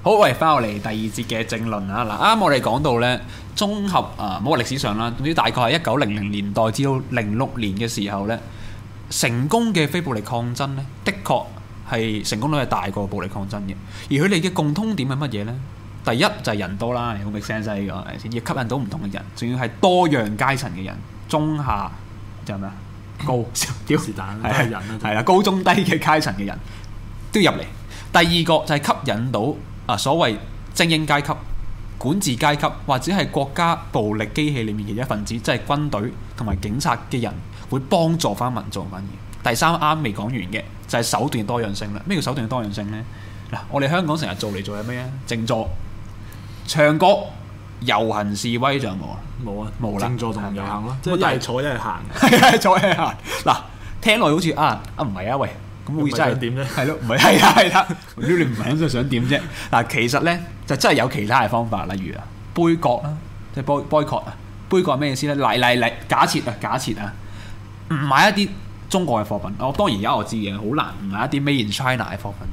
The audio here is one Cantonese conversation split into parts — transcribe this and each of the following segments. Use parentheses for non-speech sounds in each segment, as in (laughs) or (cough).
好，我哋翻落嚟第二節嘅政論啊！嗱，啱啱我哋講到呢綜合啊，唔好話歷史上啦，總之大概係一九零零年代至到零六年嘅時候呢，嗯、成功嘅非暴力抗爭呢，的確係成功率係大過暴力抗爭嘅。而佢哋嘅共通點係乜嘢呢？第一就係、是、人多啦，好嘅聲勢先亦吸引到唔同嘅人，仲要係多樣階層嘅人，中下即咩啊？高屌是蛋，係啊，係高中低嘅階層嘅人都入嚟。 (laughs) 第二個就係吸引到。啊！所謂精英階級、管治階級，或者係國家暴力機器裡面嘅一份子，即係軍隊同埋警察嘅人，會幫助翻民眾。反而第三啱未講完嘅就係手段多樣性啦。咩叫手段多樣性呢？嗱，我哋香港成日做嚟做係咩啊？靜坐、唱歌、遊行示威就冇啦，冇啊，冇啦，靜坐同遊行咯，即係一係坐一係行，係啊，坐係行。嗱，聽落好似啊，唔係啊，喂！會真係點啫？係咯，唔係係啊，係啦，呢啲唔係咁想點啫。嗱，其實咧就真係有其他嘅方法，例如啊，杯葛啦，即係 boy boycott 啊， (noise) boy, boycott, 杯葛係咩意思咧？嚟嚟嚟，假設啊，假設啊，唔買一啲中國嘅貨品。我當然而家我知嘅，好難唔買一啲 made in China 嘅貨品。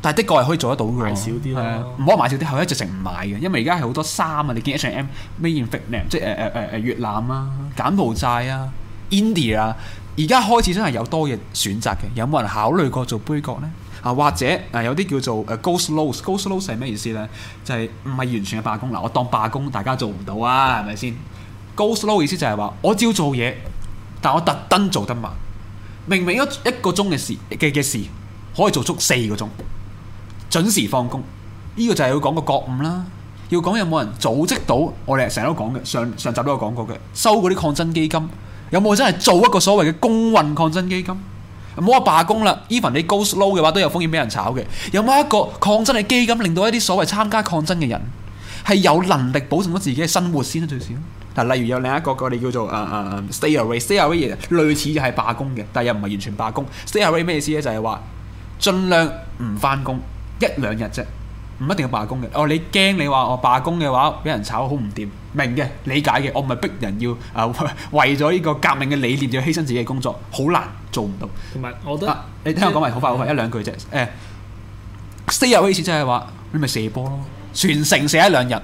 但係的確係可以做得到嘅，少啲咯，唔好買少啲，可嗎一後直情唔買嘅。因為而家係好多衫啊，你見 H&M、made in Vietnam，即係誒誒誒越南啊、柬埔寨啊、India 啊。而家開始真係有多嘢選擇嘅，有冇人考慮過做杯葛呢？啊，或者啊，有啲叫做誒 go slow，go slow 係咩意思呢？就係唔係完全嘅罷工啦，我當罷工，大家做唔到啊，係咪先？go slow 意思就係話我照做嘢，但我特登做得慢，明明一一個鐘嘅事嘅嘅事，可以做足四個鐘，準時放工。呢、這個就係要講個覺悟啦，要講有冇人組織到？我哋成日都講嘅，上上集都有講過嘅，收嗰啲抗爭基金。有冇真係做一個所謂嘅公運抗爭基金？唔好話罷工啦，even 你 go slow 嘅話都有風險俾人炒嘅。有冇一個抗爭嘅基金令到一啲所謂參加抗爭嘅人係有能力保證到自己嘅生活先啊？最少嗱，例如有另一個個你叫做啊啊啊 stay away，stay away，類似就係罷工嘅，但又唔係完全罷工。stay away 咩意思咧？就係話盡量唔翻工一兩日啫，唔一定要罷工嘅。哦，你驚你話我罷工嘅話俾人炒好唔掂？明嘅理解嘅，我唔係逼人要啊、呃、為咗呢個革命嘅理念要犧牲自己嘅工作，好難做唔到。同埋，我覺得、啊，你聽我講埋，好快好快一兩句啫。誒、呃，四日意思即係話，你咪射波咯，全城射一兩日。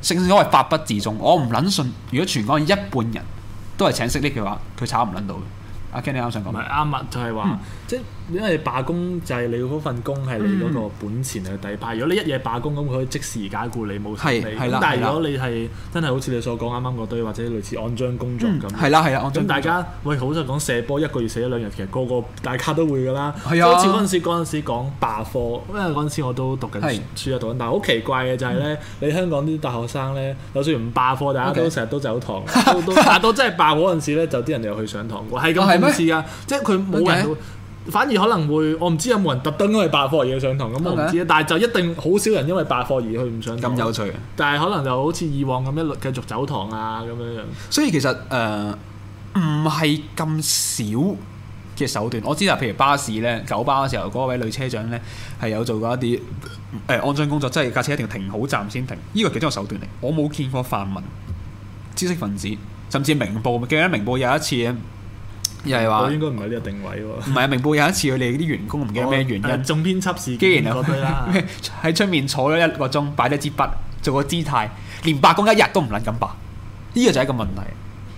正所謂法不責眾，我唔撚信。如果全港一半人都係請息嘅話，佢炒唔撚到嘅。阿 Ken 你啱啱想講，唔係啱物就係、是、話，即係、嗯、因為罷工就係你嗰份工係你嗰個本錢嘅底牌。如果你一夜罷工，咁佢可以即時解雇你冇薪。係啦，但係如果你係真係好似你所講啱啱嗰堆或者類似按章工作咁，係啦係咁，大家喂好想講射波一個月射一，月一月兩日，其實個個大家都會㗎啦。好似嗰陣時嗰陣時講罷課，因為嗰陣時我都讀緊書啊讀緊，但係好奇怪嘅就係、是、咧，你香港啲大學生咧就算唔罷課，大家都成日都走堂，Okay. 到真係罷嗰陣時咧，就啲人又去上堂喎。咁。哦啊，即係佢冇人，麼反而可能會我唔知有冇人特登因為罷課而上堂咁，我唔知啊。麼但係就一定好少人因為罷課而去唔上堂咁有趣。但係可能就好似以往咁一路繼續走堂啊，咁樣樣。所以其實誒唔係咁少嘅手段。我知啊，譬如巴士呢，九巴嘅時候嗰位女車長呢，係有做過一啲誒、欸、安裝工作，即係架車一定要停好站先停。呢個其中個手段嚟？我冇見過泛民知識分子，甚至明報記緊，明報有一次。又係話，應該唔係呢個定位喎。唔係啊，明報有一次佢哋啲員工唔記得咩原因，仲編輯時既然啊喺出面坐咗一個鐘，擺低支筆做個姿態，連罷工一日都唔撚敢罷。呢個就係一個問題。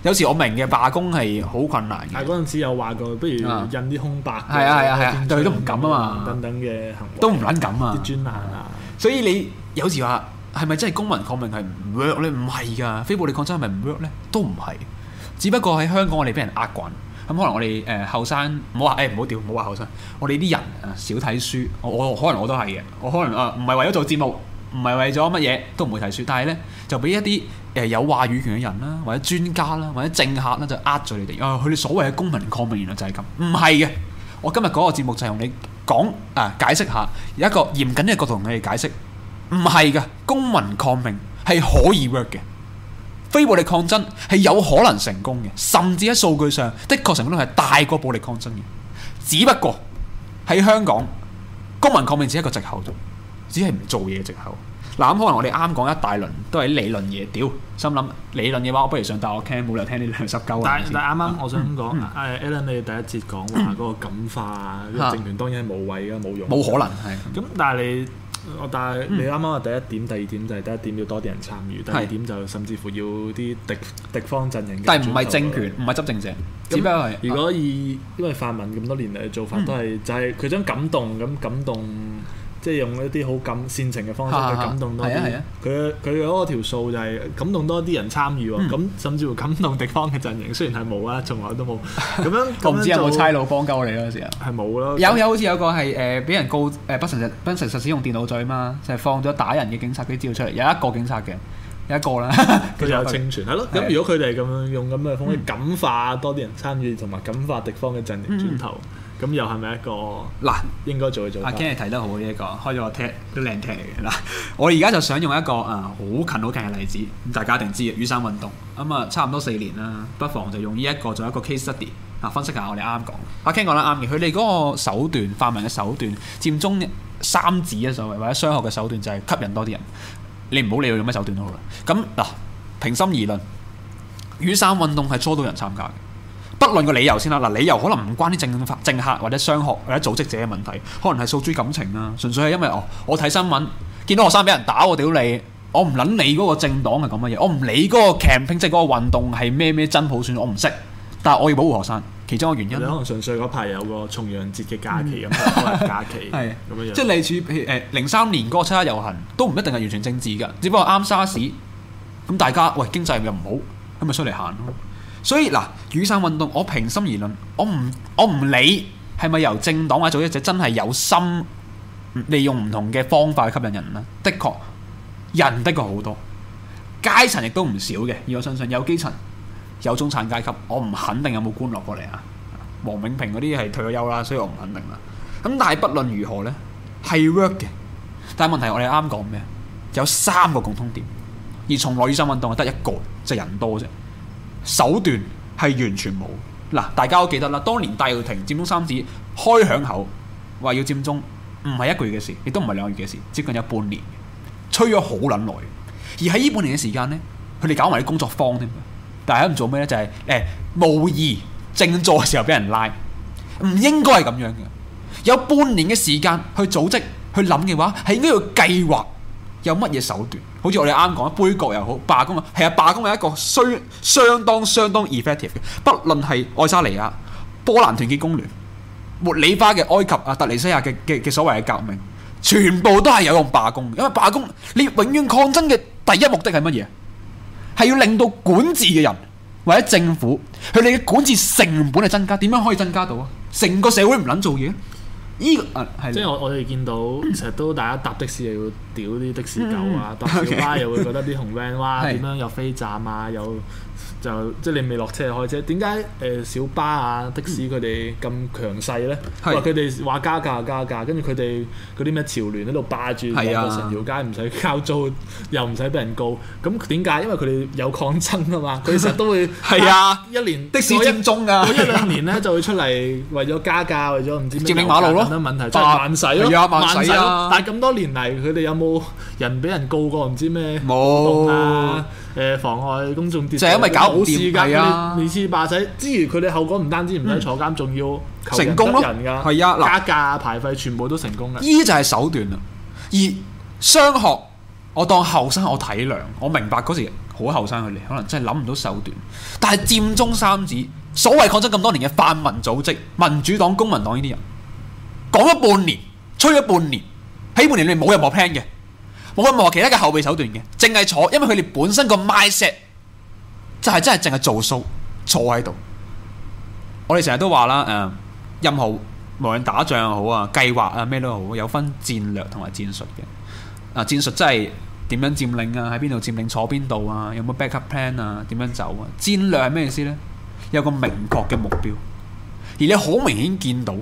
有時我明嘅，罷工係好困難，但嗱，嗰、啊、時有話過，不如印啲空白。係啊係啊，但 (laughs) 係都唔敢啊嘛，等等嘅行為都唔撚敢啊，啲專欄啊。等等啊，所以你有時話係咪真係公民抗命係唔 work 咧？唔係噶，非暴力抗爭係咪唔 work 咧？都唔係，只不過喺香港我哋俾人呃慣。咁、嗯、可能我哋誒後生唔好話誒唔好屌，唔好話後生，我哋啲人啊少睇書我我我，我可能我都係嘅，我可能啊唔係為咗做節目，唔係為咗乜嘢都唔會睇書，但係咧就俾一啲誒、呃、有話語權嘅人啦，或者專家啦，或者政客啦，就呃咗你哋，啊佢哋所謂嘅公民抗命原來就係咁，唔係嘅。我今日嗰個節目就係同你講啊、呃，解釋下有一個嚴謹嘅角度同你哋解釋，唔係嘅公民抗命係可以 work 嘅。非暴力抗爭係有可能成功嘅，甚至喺數據上，的確成功率係大過暴力抗爭嘅。只不過喺香港，公民抗命只係一個藉口啫，只係唔做嘢嘅藉口。嗱咁可能我哋啱講一大輪都係理論嘢，屌心諗理論嘅話，我不如上大學傾，冇理由聽呢兩十鳩。但但啱啱我想講，誒 Allen，你第一節講話嗰個感化啊，政權當然係無謂嘅，冇用，冇可能係咁，但係你。我但係你啱啱話第一點、第二點就係第一點要多啲人參與，第二點就甚至乎要啲敵敵方陣營。但係唔係政權，唔係執政者。只不過係如果以、啊、因為泛民咁多年嚟做法都係、嗯、就係佢想感動咁感動。即係用一啲好感煽情嘅方式去感動多啲人，佢佢嗰個條數就係感動多啲人參與喎，咁甚至乎感動敵方嘅陣營，雖然係冇啊，從來都冇。咁樣唔知有冇差佬幫救你嗰陣時啊？係冇咯。有有好似有個係誒，俾人告誒，不誠實使用電腦罪嘛，就係放咗打人嘅警察幾照出嚟，有一個警察嘅，有一個啦。佢有清存係咯。咁如果佢哋咁樣用咁嘅方式感化多啲人參與，同埋感化敵方嘅陣營轉頭。咁又係咪一個嗱應該做一做，一做？阿、啊啊、Ken 係提得好呢、這、一個，開咗個踢都靚踢嚟嘅嗱。我而家就想用一個誒好、啊、近好近嘅例子，咁大家一定知嘅雨傘運動咁啊，差唔多四年啦。不妨就用呢一個做一個 case study 啊，分析下我哋啱啱講。阿、啊、Ken 講得啱嘅，佢哋嗰個手段、泛民嘅手段佔中三子啊，所謂或者傷害嘅手段就係吸引多啲人。你唔好理佢用咩手段都好啦。咁嗱、啊，平心而論，雨傘運動係初到人參加嘅。不論個理由先啦，嗱理由可能唔關啲政政客或者商學或者組織者嘅問題，可能係訴諸感情啦，純粹係因為哦，我睇新聞見到學生俾人打，我屌你，我唔撚你嗰個政黨係咁嘅嘢，我唔理嗰個 camp 即係嗰個運動係咩咩真普選，我唔識，但係我要保護學生。其中嘅原因，你可能純粹嗰排有個重陽節嘅假期咁，可能假期咁樣樣，即係、 (laughs) 就是、類似譬如誒零三年嗰個七一遊行都唔一定係完全政治㗎，只不過啱沙士，咁大家喂經濟又唔好，咁咪出嚟行咯。所以嗱，雨傘運動，我平心而論，我唔我唔理係咪由政黨或者組織者真係有心利用唔同嘅方法去吸引人呢，的確，人的確好多，階層亦都唔少嘅。而我相信有基層，有中產階級，我唔肯定有冇官落過嚟啊。王永平嗰啲係退咗休啦，所以我唔肯定啦。咁但係，不論如何呢，係 work 嘅。但係問題，我哋啱講咩？有三個共通點，而從來雨傘運動係得一個就係人多啫。手段係完全冇嗱，大家都記得啦，當年戴耀廷佔中三子開響口話要佔中，唔係一個月嘅事，亦都唔係兩個月嘅事，接近有半年，吹咗好捻耐。而喺呢半年嘅時間呢，佢哋搞埋啲工作坊添，但係喺唔做咩呢？就係、是、誒、呃，無意靜坐嘅時候俾人拉，唔應該係咁樣嘅。有半年嘅時間去組織去諗嘅話，係應該要計劃。有乜嘢手段？好似我哋啱講，杯葛又好，罷工啊，係啊，罷工係一個需相當相當 effective 嘅。不論係愛沙尼亞、波蘭團結工聯、茉莉花嘅埃及啊、特尼西亞嘅嘅嘅所謂嘅革命，全部都係有用罷工，因為罷工你永遠抗爭嘅第一目的係乜嘢？係要令到管治嘅人或者政府佢哋嘅管治成本係增加，點樣可以增加到啊？成個社會唔撚做嘢。依、這個啊，即係我我哋見到成日、嗯、都大家搭的士又要屌啲的士狗啊，嗯、搭小巴 Okay. (laughs) 又會覺得啲紅 van 哇點樣有飛站啊的有。就即係你未落車就開車，點解誒小巴啊的士佢哋咁強勢咧？話佢哋話加價加價，跟住佢哋嗰啲咩潮聯喺度霸住成條街，唔使交租又唔使俾人告，咁點解？因為佢哋有抗爭啊嘛，佢成日都會係啊一年的士爭宗㗎，嗰一兩年咧就會出嚟為咗加價，為咗唔知咩問題，即係慢駛咯，慢駛咯。但係咁多年嚟，佢哋有冇人俾人告過唔知咩冇啊？誒妨害公眾秩序，就係因為搞事噶，佢哋亂霸仔。之餘是、啊，佢哋後果唔單止唔使坐監，仲、嗯、要人人成功咯。係啊，加價喏排廢全部都成功嘅。呢就係手段啦。而雙學，我當後生，我體諒，我明白嗰時好後生佢哋，可能真係諗唔到手段。但係佔中三子，所謂抗爭咁多年嘅泛民組織、民主黨、公民黨呢啲人，講咗半年，吹咗半年，喺半年你冇任何 plan 嘅。冇任何其他嘅後備手段嘅，淨係坐，因為佢哋本身個 mindset 就係真係淨係做數坐喺度。我哋成日都話啦，誒、呃，任何無論打仗又好啊，計劃啊咩都好，有分戰略同埋戰術嘅。啊、呃，戰術真係點樣佔領啊？喺邊度佔領？坐邊度啊？有冇 backup plan 啊？點樣走啊？戰略係咩意思咧？有個明確嘅目標，而你好明顯見到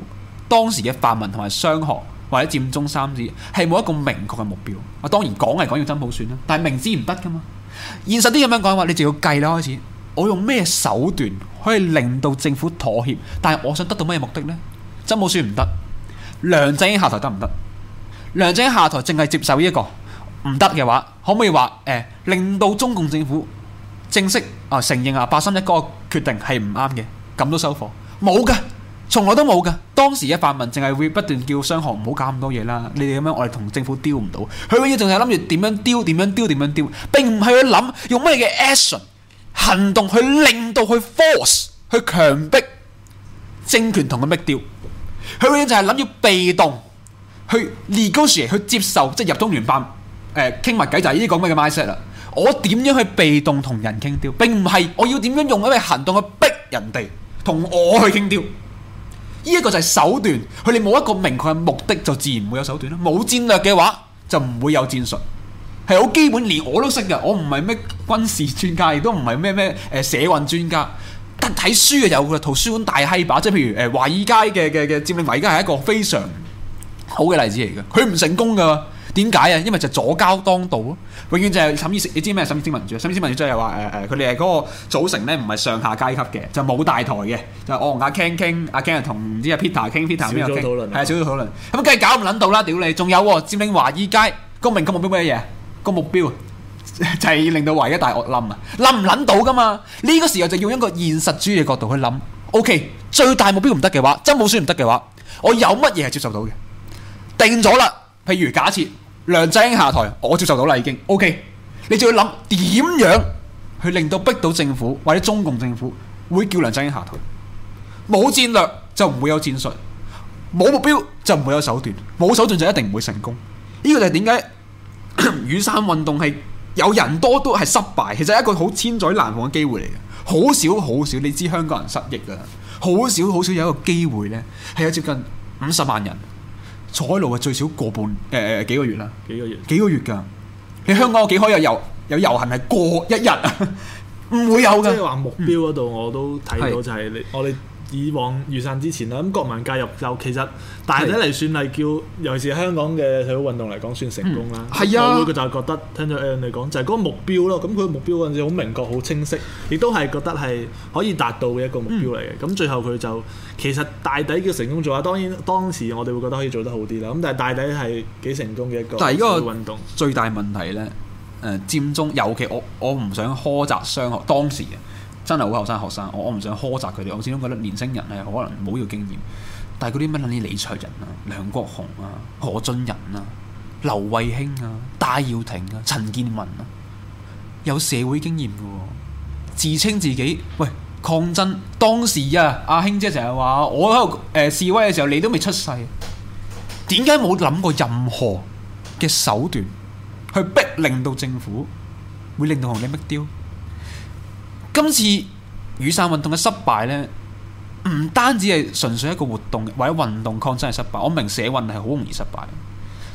當時嘅泛民同埋商學。或者佔中三子係冇一個明確嘅目標。我當然講係講要真普選啦，但係明知唔得噶嘛。現實啲咁樣講嘅話，你就要計啦。開始。我用咩手段可以令到政府妥協？但係我想得到咩目的呢？真普選唔得，梁振英下台得唔得？梁振英下台淨係接受呢、這、一個唔得嘅話，可唔可以話誒、呃、令到中共政府正式啊、呃、承認啊八三一嗰個決定係唔啱嘅？咁都收貨冇㗎。從來都冇噶，當時嘅泛民淨係會不斷叫雙學唔好搞咁多嘢啦。你哋咁樣，我哋同政府丟唔到。佢永遠淨係諗住點樣丟，點樣丟，點樣丟，並唔係去諗用咩嘅 action 行動去令到佢 force 去強迫政權同佢逼丟。佢永遠就係諗要被動去 negotiate 去接受，即係入中聯辦誒傾埋偈就係呢啲講咩嘅 mindset 啦。我點樣去被動同人傾丟，並唔係我要點樣用一個行動去逼人哋同我去傾丟。 (laughs) 呢一個就係手段，佢哋冇一個明確嘅目的，就自然唔會有手段啦。冇戰略嘅話，就唔會有戰術，係好基本，連我都識嘅。我唔係咩軍事專家，亦都唔係咩咩誒社運專家，得睇書嘅有嘅圖書館大閪把，即係譬如誒華爾街嘅嘅嘅佔領華爾街，係一個非常好嘅例子嚟嘅，佢唔成功㗎。點解啊？因為就左膠當道咯，永遠就係審議式。你知咩？審議式民主，審議式民主即係話誒誒，佢哋係嗰個組成咧，唔係上下階級嘅，就冇大台嘅，就我同阿 Ken 傾，阿 Ken 同唔知阿 Peter 傾，Peter 邊度傾？少咗討論。係啊，少咗討論。咁梗係搞唔撚到啦！屌你，仲有佔領華爾街，個名個目標乜嘢？個目標就係令到唯一大鱷冧啊！冧唔撚到噶嘛？呢個時候就用一個現實主義角度去諗。OK，最大目標唔得嘅話，真冇輸唔得嘅話，我有乜嘢係接受到嘅？定咗啦。譬如假設。梁振英下台，我接受到啦，已經 OK。你就要諗點樣去令到逼到政府或者中共政府會叫梁振英下台。冇戰略就唔會有戰術，冇目標就唔會有手段，冇手段就一定唔會成功。呢個就係點解雨傘運動係有人多都係失敗，其實係一個好千載難逢嘅機會嚟嘅，好少好少，你知香港人失憶嘅，好少好少有一個機會呢，係有接近五十萬人。坐喺路啊，最少過半，誒、幾個月啦，幾個月幾個月㗎，月月你香港有幾可有遊有遊行係過一日？唔 (laughs) 會有㗎。即係話目標嗰度我都睇到，嗯、就係你我哋。以往預散之前啦，咁國民介入就其實大抵嚟算係叫，的尤其是香港嘅社會運動嚟講，算成功啦。係啊、嗯，我會佢就覺得聽咗 Allen 你講，就係、是、嗰個目標咯。咁佢個目標嗰時好明確、好清晰，亦都係覺得係可以達到嘅一個目標嚟嘅。咁、嗯、最後佢就其實大抵叫成功做下，當然當時我哋會覺得可以做得好啲啦。咁但係大抵係幾成功嘅一個社會運動。最大問題呢，誒、呃、佔中，尤其我我唔想苛責雙學當時真係好後生學生，我我唔想苛責佢哋，我始終覺得年青人係可能冇要經驗，但係嗰啲乜撚啲李卓人啊、梁國雄啊、何俊仁啊、劉慧卿啊、戴耀廷啊、陳建文啊，有社會經驗嘅、哦，自稱自己喂，抗爭，當時啊，阿興姐成日話，我喺度示威嘅時候，你都未出世，點解冇諗過任何嘅手段去逼令到政府會令到行嘅逼雕？今次雨傘運動嘅失敗呢，唔單止係純粹一個活動或者運動抗爭嘅失敗，我明社運係好容易失敗，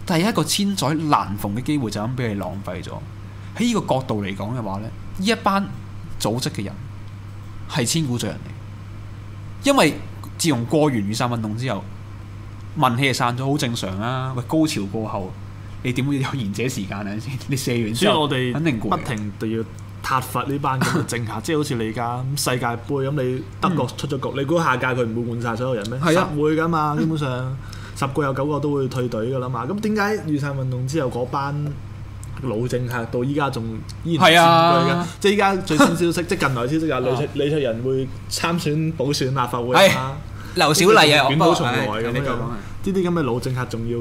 但係一個千載難逢嘅機會就咁俾你浪費咗。喺呢個角度嚟講嘅話呢，呢一班組織嘅人係千古罪人嚟，因為自從過完雨傘運動之後，民氣係散咗，好正常啊。喂，高潮過後，你點會有賢者時間呢？先 (laughs) 你射完之後，我哋肯定不停都要。拍佛呢班咁嘅政客，即係好似你而家世界杯咁，你德國出咗局，你估下屆佢唔會換晒所有人咩？係啊，會噶嘛，基本上十個有九個都會退隊噶啦嘛。咁點解雨傘運動之後嗰班老政客到依家仲依然在嘅？即係依家最新消息，即係近來消息有李卓李卓人會參選補選立法會啦。劉小麗啊，捲土重來嘅呢講，呢啲咁嘅老政客仲要。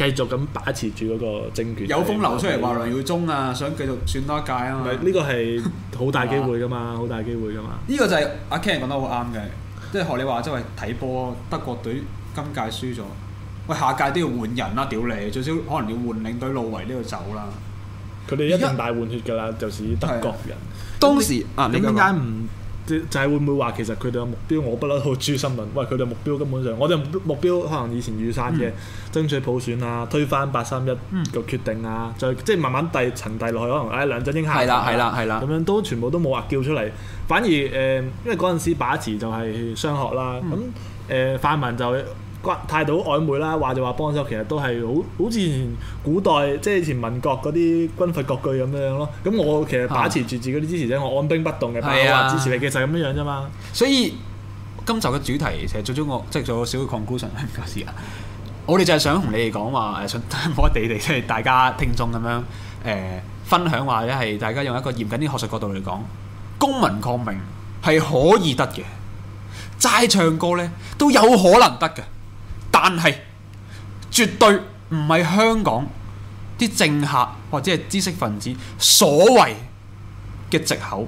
繼續咁把持住嗰個政權，有風流出嚟話梁耀忠啊，想繼續選多一屆啊嘛！咪呢、這個係好大機會噶嘛，好 (laughs) 大機會噶嘛！呢個就係阿 Ken 講得好啱嘅，即係學你話即係睇波，德國隊今屆輸咗，喂下屆都要換人啦，啊，屌你，最少可能要換領隊路維都要走啦，佢哋一定大換血噶啦，就似、是、德國人。當時啊，你點解唔？就係會唔會話其實佢哋嘅目標我不嬲好專新㗎，喂佢哋目標根本上我哋目標可能以前雨傘嘅、嗯、爭取普選啊，推翻八三一嘅決定啊，就、嗯、即係慢慢遞層遞落去，可能唉梁振英眼係啦係啦係啦，咁、哎啊、樣都全部都冇話叫出嚟，反而誒、呃、因為嗰陣時把持就係雙學啦，咁誒、嗯呃、泛民就。關態度好曖昧啦，話就話幫手，其實都係好好似古代即係以前民國嗰啲軍閥割據咁樣樣咯。咁我其實把持住自己啲支持者，啊、我按兵不動嘅，不過支持你、啊，其實咁樣樣啫嘛。所以今集嘅主題其實最終我即係做少少 conclusion 嗰時間，我哋就係想同你哋講話誒，想摸地地即係大家聽眾咁樣誒、呃、分享話咧，係大家用一個嚴謹啲學術角度嚟講，公民抗命係可以得嘅，齋唱歌咧都有可能得嘅。但係絕對唔係香港啲政客或者係知識分子所謂嘅藉口，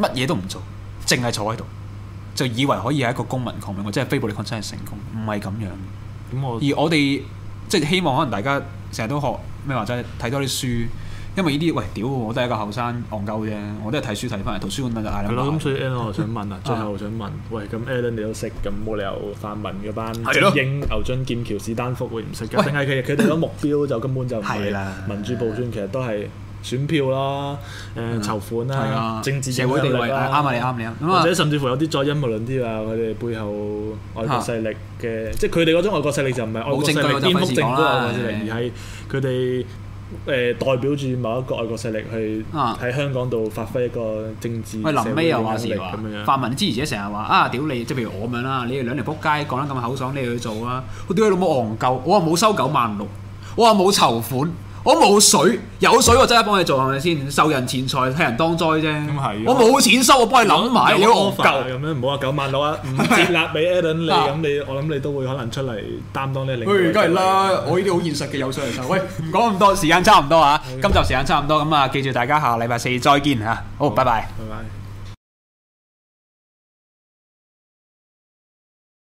乜嘢都唔做，淨係坐喺度，就以為可以係一個公民抗命，或者係非暴力抗爭係成功，唔係咁樣。嗯、我而我哋即係希望，可能大家成日都學咩話，即係睇多啲書。因為呢啲喂屌，我都係一個後生戇鳩啫，我都係睇書睇翻嚟圖書館問阿 Allen 咁，所以 Allen，我想問啊，最後我想問，喂，咁 Allen 你都識，咁冇理由泛民嗰班精英牛津劍橋史丹福會唔識嘅？定係佢佢哋嗰目標就根本就唔係啦。民主普選其實都係選票咯，誒、呃、籌款啦、啊，對了 政治社、啊、會地位啱咪啱你，合你，合你，合你、就是、或者甚至乎有啲再陰謀論啲話，佢哋背後外國勢力嘅，啊、即係佢哋嗰種外國勢力就唔係外國勢力蝙蝠精嗰而係佢哋。誒、呃、代表住某一個外國勢力去喺、啊、香港度發揮一個政治力量，喂，臨尾又話事喎，樣泛民支持者成日話啊，屌你！即係譬如我咁啦，你哋兩條撲街講得咁口爽，你哋去做啊！佢屌你老母憨鳩，我話冇收九萬六，我話冇籌款。我冇水，有水我真係幫你做係咪先？受人錢財替人當災啫。咁係、嗯。我冇錢收，我幫你諗埋如個 o f 咁樣，唔好話九萬攞， (laughs) 唔接納俾 Allen 你咁，你我諗你都會可能出嚟擔當你嚟。領、哎。咁梗係啦，啊、我呢啲好現實嘅有水人收。 (laughs) 喂，唔講咁多，時間差唔多啊， (laughs) 今集時間差唔多咁啊，記住大家下禮拜四再見吓，好，拜拜好。拜拜。Bye bye.